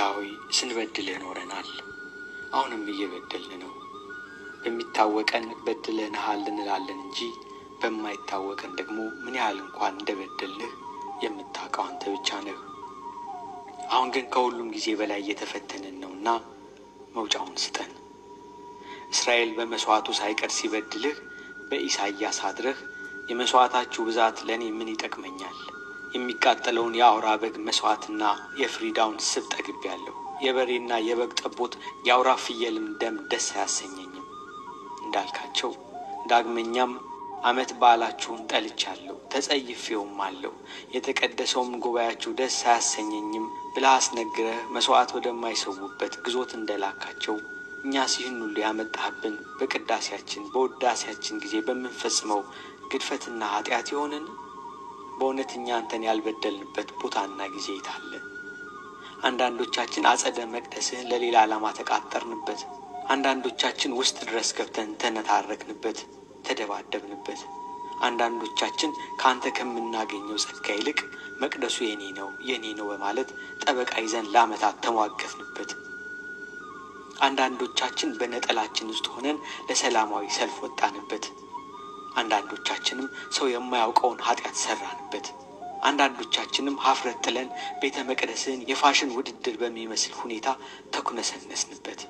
ጌታ ሆይ ስንበድል ኖረናል፣ አሁንም እየበደልን ነው። በሚታወቀን በድለንሃል እንላለን እንጂ በማይታወቀን ደግሞ ምን ያህል እንኳን እንደበደልህ የምታውቀው አንተ ብቻ ነህ። አሁን ግን ከሁሉም ጊዜ በላይ እየተፈተንን ነውና መውጫውን ስጠን። እስራኤል በመስዋዕቱ ሳይቀር ሲበድልህ በኢሳይያስ አድረህ የመስዋዕታችሁ ብዛት ለእኔ ምን ይጠቅመኛል የሚቃጠለውን የአውራ በግ መስዋዕትና የፍሪዳውን ስብ ጠግቤያለሁ። የበሬና የበግ ጠቦት የአውራ ፍየልም ደም ደስ አያሰኘኝም እንዳልካቸው። ዳግመኛም ዓመት በዓላችሁን ጠልቻለሁ ተጸይፌውም አለሁ የተቀደሰውም ጉባኤያችሁ ደስ አያሰኘኝም ብለህ አስነግረህ መስዋዕት ወደማይሰዉበት ግዞት እንደላካቸው እኛ ሲህን ሁሉ ያመጣህብን በቅዳሴያችን በውዳሴያችን ጊዜ በምንፈጽመው ግድፈትና ኃጢአት ይሆንን? በእውነት እኛ አንተን ያልበደልንበት ቦታና ጊዜ የታለ? አንዳንዶቻችን አጸደ መቅደስህን ለሌላ ዓላማ ተቃጠርንበት። አንዳንዶቻችን ውስጥ ድረስ ገብተን ተነታረክንበት፣ ተደባደብንበት። አንዳንዶቻችን ከአንተ ከምናገኘው ጸጋ ይልቅ መቅደሱ የኔ ነው የኔ ነው በማለት ጠበቃ ይዘን ለዓመታት ተሟገፍንበት። አንዳንዶቻችን በነጠላችን ውስጥ ሆነን ለሰላማዊ ሰልፍ ወጣንበት። አንዳንዶቻችንም ሰው የማያውቀውን ኃጢአት ሰራንበት። አንዳንዶቻችንም ሀፍረት ጥለን ቤተ መቅደስን የፋሽን ውድድር በሚመስል ሁኔታ ተኩነሰነስንበት።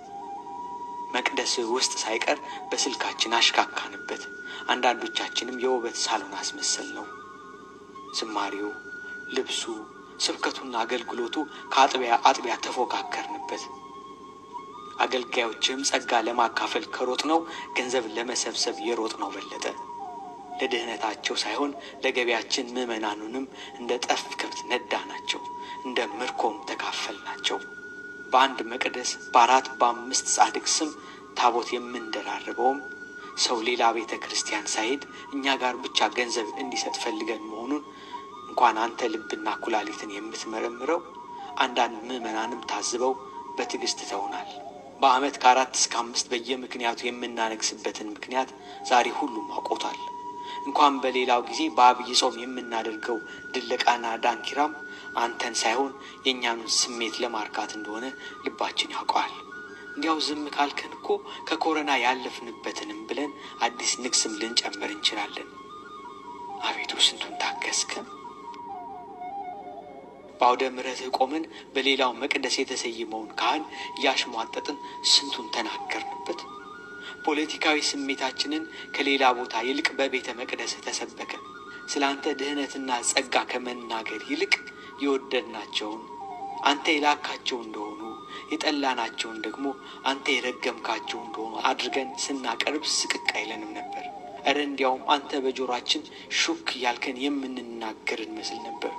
መቅደስ ውስጥ ሳይቀር በስልካችን አሽካካንበት። አንዳንዶቻችንም የውበት ሳሎን አስመሰል ነው። ዝማሬው፣ ልብሱ፣ ስብከቱና አገልግሎቱ ከአጥቢያ አጥቢያ ተፎካከርንበት። አገልጋዮችም ጸጋ ለማካፈል ከሮጥ ነው ገንዘብ ለመሰብሰብ የሮጥ ነው በለጠ። ለድህነታቸው ሳይሆን ለገቢያችን ምዕመናኑንም እንደ ጠፍ ከብት ነዳ ናቸው፣ እንደ ምርኮም ተካፈል ናቸው። በአንድ መቅደስ በአራት በአምስት ጻድቅ ስም ታቦት የምንደራርበውም ሰው ሌላ ቤተ ክርስቲያን ሳይሄድ እኛ ጋር ብቻ ገንዘብ እንዲሰጥ ፈልገን መሆኑን እንኳን አንተ ልብና ኩላሊትን የምትመረምረው አንዳንድ ምዕመናንም ታዝበው በትዕግስት ተውናል። በዓመት ከአራት እስከ አምስት በየምክንያቱ የምናነግስበትን ምክንያት ዛሬ ሁሉም አውቆታል። እንኳን በሌላው ጊዜ በአብይ ጾም የምናደርገው ድለቃና ዳንኪራም አንተን ሳይሆን የእኛን ስሜት ለማርካት እንደሆነ ልባችን ያውቀዋል። እንዲያው ዝም ካልከን እኮ ከኮረና ያለፍንበትንም ብለን አዲስ ንግስም ልንጨምር እንችላለን። አቤቱ ስንቱን ታገስክ። በአውደ ምረት ቆመን በሌላው መቅደስ የተሰየመውን ካህን እያሽሟጠጥን ስንቱን ተናገርንበት። ፖለቲካዊ ስሜታችንን ከሌላ ቦታ ይልቅ በቤተ መቅደስ ተሰበከ። ስለ አንተ ድህነትና ጸጋ ከመናገር ይልቅ የወደድናቸውን አንተ የላካቸው እንደሆኑ የጠላናቸውን ደግሞ አንተ የረገምካቸው እንደሆኑ አድርገን ስናቀርብ ስቅቅ አይለንም ነበር። እረ እንዲያውም አንተ በጆሯችን ሹክ እያልከን የምንናገርን መስል ነበር።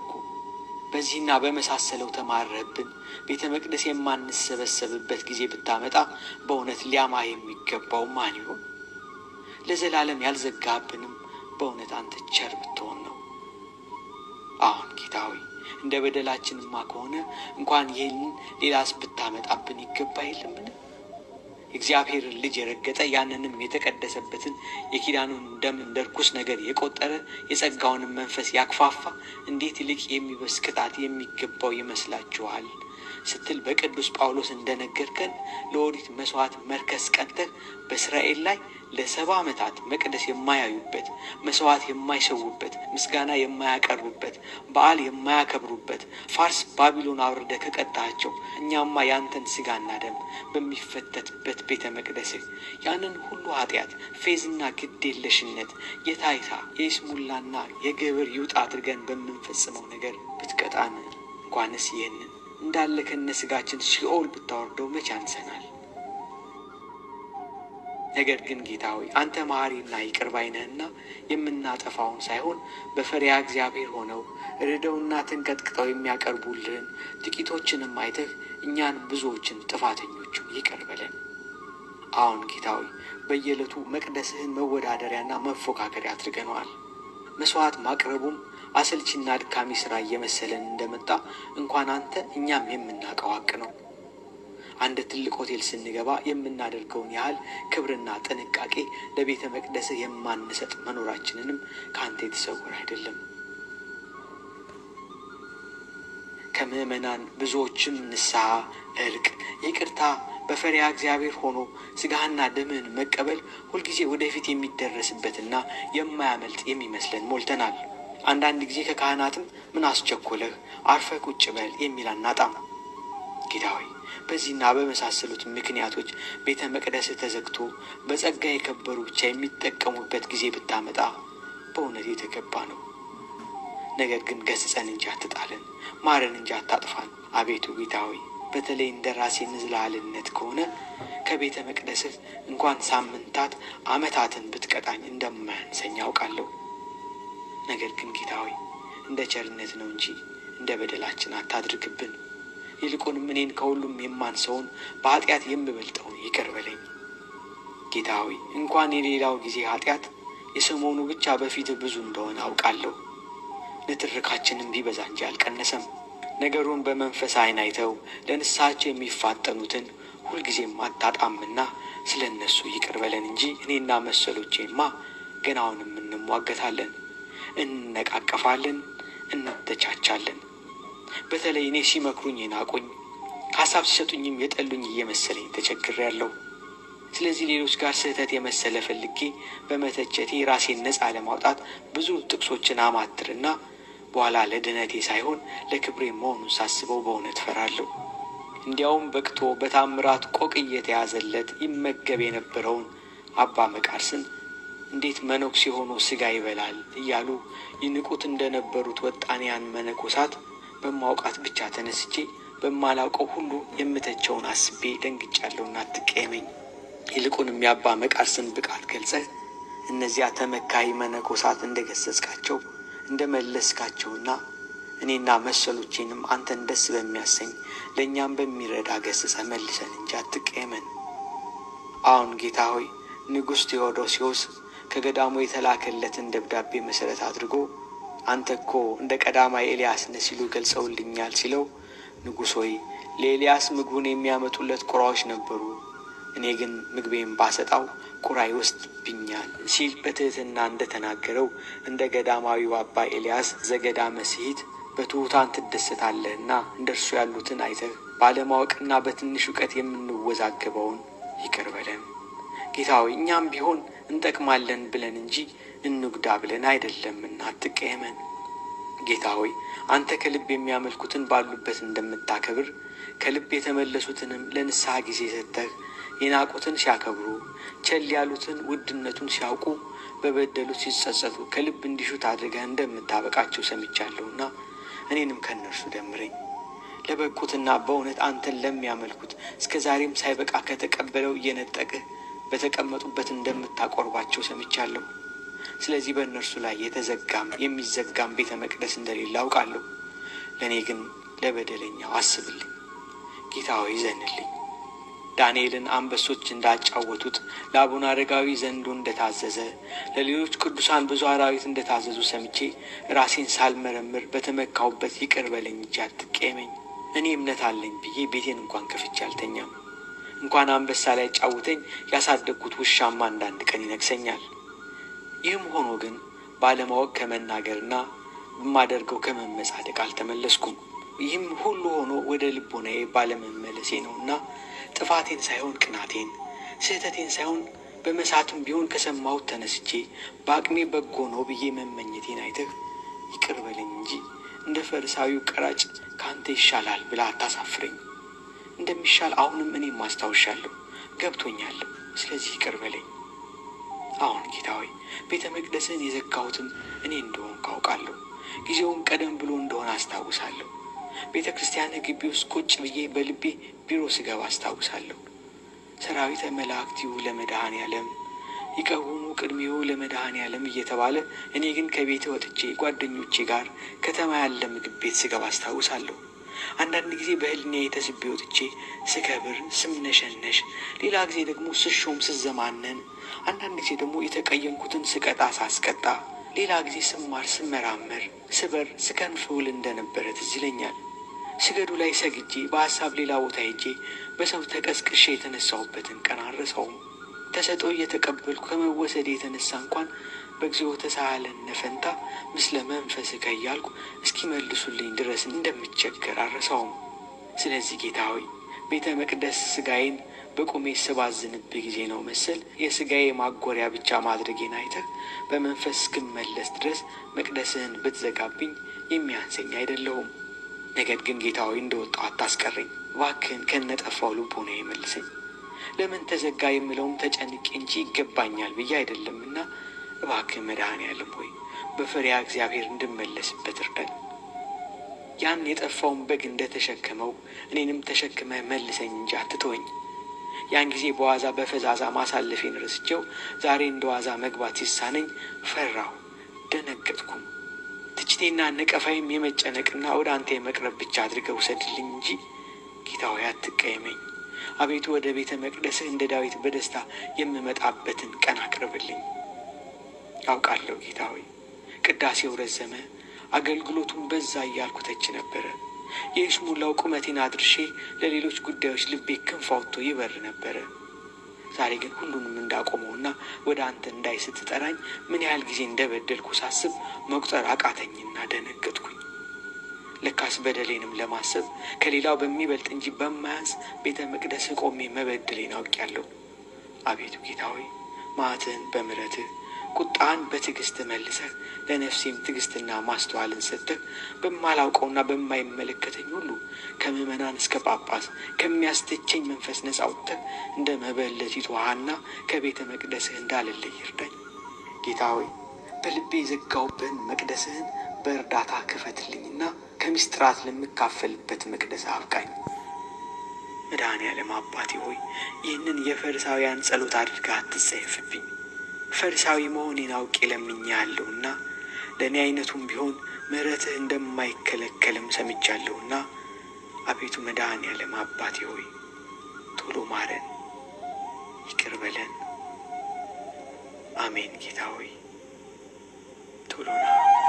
በዚህና በመሳሰለው ተማረብን ቤተ መቅደስ የማንሰበሰብበት ጊዜ ብታመጣ በእውነት ሊያማ የሚገባው ማን ይሆን? ለዘላለም ያልዘጋብንም በእውነት አንተ ቸር ብትሆን ነው። አሁን ጌታ ሆይ እንደ በደላችንማ ከሆነ እንኳን ይህን ሌላስ ብታመጣብን ይገባ የለምን? የእግዚአብሔርን ልጅ የረገጠ ያንንም የተቀደሰበትን የኪዳኑን ደም እንደ ርኩስ ነገር የቆጠረ የጸጋውንም መንፈስ ያክፋፋ እንዴት ይልቅ የሚበስ ቅጣት የሚገባው ይመስላችኋል? ስትል በቅዱስ ጳውሎስ እንደነገርከን ለኦሪት መስዋዕት መርከስ ቀንተህ በእስራኤል ላይ ለሰባ ዓመታት መቅደስ የማያዩበት መስዋዕት የማይሰዉበት ምስጋና የማያቀርቡበት በዓል የማያከብሩበት ፋርስ ባቢሎን አውርደ ከቀጣቸው እኛማ ያንተን ስጋና ደም በሚፈተትበት ቤተ መቅደስህ ያንን ሁሉ ኃጢአት ፌዝና ግዴለሽነት የታይታ የይስሙላና የግብር ይውጣ አድርገን በምንፈጽመው ነገር ብትቀጣን እንኳንስ ይህንን እንዳለ ከነ ስጋችን ሲኦል ብታወርደው መቼ አንሰናል? ነገር ግን ጌታ ሆይ አንተ መሐሪና ይቅር ባይነህና የምናጠፋውን ሳይሆን በፈሪያ እግዚአብሔር ሆነው ርደውና ተንቀጥቅጠው የሚያቀርቡልህን ጥቂቶችንም አይተህ እኛን ብዙዎችን ጥፋተኞቹ ይቅር በለን። አሁን ጌታ ሆይ በየዕለቱ መቅደስህን መወዳደሪያና መፎካከሪያ አድርገነዋል። መስዋዕት ማቅረቡም አሰልቺና አድካሚ ስራ እየመሰለን እንደመጣ እንኳን አንተ እኛም የምናውቀው ሀቅ ነው። አንድ ትልቅ ሆቴል ስንገባ የምናደርገውን ያህል ክብርና ጥንቃቄ ለቤተ መቅደስ የማንሰጥ መኖራችንንም ከአንተ የተሰውር አይደለም። ከምእመናን ብዙዎችም ንስሐ፣ እርቅ፣ ይቅርታ በፈሪያ እግዚአብሔር ሆኖ ስጋህና ደምህን መቀበል ሁልጊዜ ወደፊት የሚደረስበትና የማያመልጥ የሚመስለን ሞልተናል። አንዳንድ ጊዜ ከካህናትም ምን አስቸኮለህ አርፈ ቁጭ በል የሚል አናጣም። ጌታ ሆይ በዚህና በመሳሰሉት ምክንያቶች ቤተ መቅደስ ተዘግቶ በጸጋ የከበሩ ብቻ የሚጠቀሙበት ጊዜ ብታመጣ በእውነት የተገባ ነው። ነገር ግን ገስጸን እንጂ አትጣለን፣ ማረን እንጂ አታጥፋን። አቤቱ ጌታ ሆይ በተለይ እንደ ራሴ ንዝላልነት ከሆነ ከቤተ መቅደስህ እንኳን ሳምንታት ዓመታትን ብትቀጣኝ እንደማያንሰኝ ያውቃለሁ። ነገር ግን ጌታ ሆይ እንደ ቸርነት ነው እንጂ እንደ በደላችን አታድርግብን። ይልቁንም እኔን ከሁሉም የማንሰውን በኃጢአት የምበልጠውን ይቅር በለኝ። ጌታ ሆይ እንኳን የሌላው ጊዜ ኃጢአት የሰሞኑ ብቻ በፊት ብዙ እንደሆነ አውቃለሁ። ንትርካችንም ቢበዛ እንጂ አልቀነሰም። ነገሩን በመንፈስ ዓይን አይተው ለንስሐቸው የሚፋጠኑትን ሁልጊዜም አታጣምና ስለ እነሱ ይቅር በለን እንጂ እኔና መሰሎቼማ ገናውንም እንሟገታለን። እንነቃቀፋለን፣ እንተቻቻለን። በተለይ እኔ ሲመክሩኝ የናቁኝ ሀሳብ ሲሰጡኝም የጠሉኝ እየመሰለኝ ያለው ስለዚህ ሌሎች ጋር ስህተት የመሰለ ፈልጌ በመተቸቴ ራሴን ነፃ ለማውጣት ብዙ ጥቅሶችን አማትርና በኋላ ለድህነቴ ሳይሆን ለክብሬ መሆኑን ሳስበው በእውነት ፈራለሁ። እንዲያውም በቅቶ በታምራት ቆቅ እየተያዘለት ይመገብ የነበረውን አባ መቃርስን እንዴት መነኩሴ ሆኖ ስጋ ይበላል እያሉ ይንቁት እንደነበሩት ወጣንያን መነኮሳት በማውቃት ብቻ ተነስቼ በማላውቀው ሁሉ የምተቸውን አስቤ ደንግጫለሁና አትቀየመኝ። ይልቁንም የሚያባ መቃርስን ብቃት ገልጸህ እነዚያ ተመካይ መነኮሳት እንደ ገሰጽካቸው እንደ መለስካቸውና እኔና መሰሎቼንም አንተን ደስ በሚያሰኝ ለእኛም በሚረዳ ገስጸ መልሰን እንጂ አትቀየመን። አሁን ጌታ ሆይ ንጉሥ ቴዎዶሲዎስ ከገዳሙ የተላከለትን ደብዳቤ መሰረት አድርጎ አንተ እኮ እንደ ቀዳማ ኤልያስ ነ ሲሉ ገልጸውልኛል ሲለው፣ ንጉሥ ሆይ ለኤልያስ ምግቡን የሚያመጡለት ቁራዎች ነበሩ፣ እኔ ግን ምግቤን ባሰጣው ቁራ ይወስድብኛል ሲል በትህትና እንደ ተናገረው እንደ ገዳማዊው አባ ኤልያስ ዘገዳ መስሂት በትሑታን ትደሰታለህና እንደ እርሱ ያሉትን አይተህ ባለማወቅና በትንሽ እውቀት የምንወዛገበውን ይቅር በለን ጌታ ሆይ እኛም ቢሆን እንጠቅማለን ብለን እንጂ እንጉዳ ብለን አይደለምና አትቀየመን። ጌታ ሆይ አንተ ከልብ የሚያመልኩትን ባሉበት እንደምታከብር ከልብ የተመለሱትንም ለንስሐ ጊዜ ሰጥተህ የናቁትን ሲያከብሩ ቸል ያሉትን ውድነቱን ሲያውቁ በበደሉት ሲጸጸቱ ከልብ እንዲሹት አድርገህ እንደምታበቃቸው ሰምቻለሁና እኔንም ከእነርሱ ደምረኝ። ለበቁትና በእውነት አንተን ለሚያመልኩት እስከ ዛሬም ሳይበቃ ከተቀበለው እየነጠቅህ በተቀመጡበት እንደምታቆርባቸው ሰምቻለሁ። ስለዚህ በእነርሱ ላይ የተዘጋም የሚዘጋም ቤተ መቅደስ እንደሌለ አውቃለሁ። ለእኔ ግን ለበደለኛው አስብልኝ ጌታ ሆይ ይዘንልኝ። ዳንኤልን አንበሶች እንዳጫወቱት ለአቡነ አረጋዊ ዘንዶ እንደታዘዘ ለሌሎች ቅዱሳን ብዙ አራዊት እንደታዘዙ ሰምቼ ራሴን ሳልመረምር በተመካሁበት ይቅር በለኝ እንጂ አትቀየመኝ። እኔ እምነት አለኝ ብዬ ቤቴን እንኳን ከፍቼ አልተኛም። እንኳን አንበሳ ላይ ጫውተኝ ያሳደግኩት ውሻማ አንዳንድ ቀን ይነግሰኛል። ይህም ሆኖ ግን ባለማወቅ ከመናገርና በማደርገው ከመመጻደቅ አልተመለስኩም። ይህም ሁሉ ሆኖ ወደ ልቦናዬ ባለመመለሴ ነውና ጥፋቴን ሳይሆን ቅናቴን፣ ስህተቴን ሳይሆን በመሳትም ቢሆን ከሰማሁት ተነስቼ በአቅሜ በጎ ነው ብዬ መመኘቴን አይተህ ይቅር በለኝ እንጂ እንደ ፈሪሳዊው ቀራጭ ከአንተ ይሻላል ብላ አታሳፍረኝ። እንደሚሻል አሁንም እኔም ማስታውሻለሁ፣ ገብቶኛል። ስለዚህ ይቅር በለኝ። አሁን ጌታ ሆይ ቤተ መቅደስን የዘጋሁትም እኔ እንደሆን ካውቃለሁ። ጊዜውን ቀደም ብሎ እንደሆነ አስታውሳለሁ። ቤተ ክርስቲያን ግቢ ውስጥ ቁጭ ብዬ በልቤ ቢሮ ስገባ አስታውሳለሁ። ሰራዊተ መላእክቲው ለመድኃኔ ዓለም ይቀውኑ ቅድሜው ለመድኃኔ ዓለም እየተባለ እኔ ግን ከቤት ወጥቼ ጓደኞቼ ጋር ከተማ ያለ ምግብ ቤት ስገባ አስታውሳለሁ። አንዳንድ ጊዜ በህልኔ የተስቤ ወጥቼ ስከብር ስምነሸነሽ፣ ሌላ ጊዜ ደግሞ ስሾም ስዘማነን፣ አንዳንድ ጊዜ ደግሞ የተቀየምኩትን ስቀጣ ሳስቀጣ፣ ሌላ ጊዜ ስማር ስመራመር ስበር ስከንፍውል እንደነበረ ትዝ ይለኛል። ስገዱ ላይ ሰግጄ በሀሳብ ሌላ ቦታ ሄጄ በሰው ተቀስቅሼ የተነሳሁበትን ቀን አረሳውም። ተሰጦ እየተቀበልኩ ከመወሰድ የተነሳ እንኳን በእግዚኦ ተሳለን ፈንታ ምስለ መንፈስ እያልኩ እስኪመልሱልኝ ድረስ እንደምቸገር አረሳውም። ስለዚህ ጌታ ሆይ ቤተ መቅደስ ስጋዬን በቁሜ ስባዝንብህ ጊዜ ነው መሰል የስጋዬ ማጎሪያ ብቻ ማድረጌን አይተህ በመንፈስ እስክመለስ ድረስ መቅደስህን ብትዘጋብኝ የሚያንሰኝ አይደለሁም። ነገር ግን ጌታ ሆይ እንደወጣሁ አታስቀረኝ፣ እባክህን ከነጠፋው ልቦና ይመልሰኝ። ለምን ተዘጋ የምለውም ተጨንቄ እንጂ ይገባኛል ብዬ አይደለምና እባክህ መድኃኔዓለም ሆይ በፈሪያ እግዚአብሔር እንድመለስበት እርዳኝ። ያን የጠፋውን በግ እንደተሸከመው እኔንም ተሸክመ መልሰኝ እንጂ አትተወኝ። ያን ጊዜ በዋዛ በፈዛዛ ማሳለፌን ረስቼው ዛሬ እንደ ዋዛ መግባት ሲሳነኝ ፈራሁ፣ ደነገጥኩም። ትችቴና ነቀፋይም የመጨነቅና ወደ አንተ የመቅረብ ብቻ አድርገው ውሰድልኝ እንጂ ጌታ ሆይ አትቀየመኝ። አቤቱ ወደ ቤተ መቅደስህ እንደ ዳዊት በደስታ የምመጣበትን ቀን አቅርብልኝ። አውቃለሁ ጌታ ሆይ ቅዳሴው ረዘመ፣ አገልግሎቱን በዛ እያልኩ ተች ነበረ። የይሽሙላው ቁመቴን አድርሼ ለሌሎች ጉዳዮች ልቤ ክንፍ አውጥቶ ይበር ነበረ። ዛሬ ግን ሁሉንም እንዳቆመውና ወደ አንተ እንዳይ ስትጠራኝ ምን ያህል ጊዜ እንደበደልኩ ሳስብ መቁጠር አቃተኝና ደነገጥኩኝ። ለካስ በደሌንም ለማሰብ ከሌላው በሚበልጥ እንጂ በማያንስ ቤተ መቅደስ ቆሜ መበደሌን አውቅያለሁ። አቤቱ ጌታ ሆይ ማትህን በምረትህ ቁጣን በትዕግስት መልሰህ ለነፍሴም ትዕግስትና ማስተዋልን ሰጥተህ በማላውቀውና በማይመለከተኝ ሁሉ ከምዕመናን እስከ ጳጳስ ከሚያስተቸኝ መንፈስ ነጻ አውጥተህ እንደ መበለቲቱ ሐና ከቤተ መቅደስህ እንዳልለይ ይርዳኝ። ጌታ ሆይ በልቤ የዘጋውብን መቅደስህን በእርዳታ ክፈትልኝና ከምስጢራት ለምካፈልበት መቅደስ አብቃኝ። መድኃኔ ዓለም አባቴ ሆይ ይህንን የፈሪሳውያን ጸሎት አድርገህ አትጸየፍብኝ። ፈሪሳዊ መሆኔን አውቄ ለምኜ ያለውና ለእኔ አይነቱም ቢሆን ምሕረትህ እንደማይከለከልም ሰምቻለሁና አቤቱ መድኃኔ ዓለም አባቴ ሆይ ቶሎ ማረን፣ ይቅር በለን። አሜን ጌታ ሆይ ቶሎ ና።